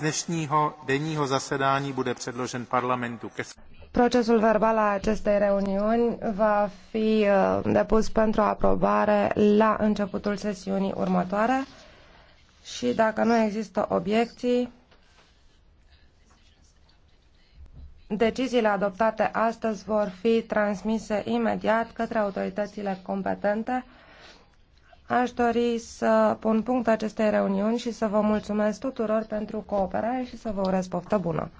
dnešního denního zasedání bude předložen parlamentu Procesul verbal al acestei reuniuni va fi uh, depus pentru aprobare la începutul sesiunii următoare și dacă nu există obiecții, deciziile adoptate astăzi vor fi transmise imediat către autoritățile competente Aș dori să pun punct acestei reuniuni și să vă mulțumesc tuturor pentru cooperare și să vă urez poftă bună.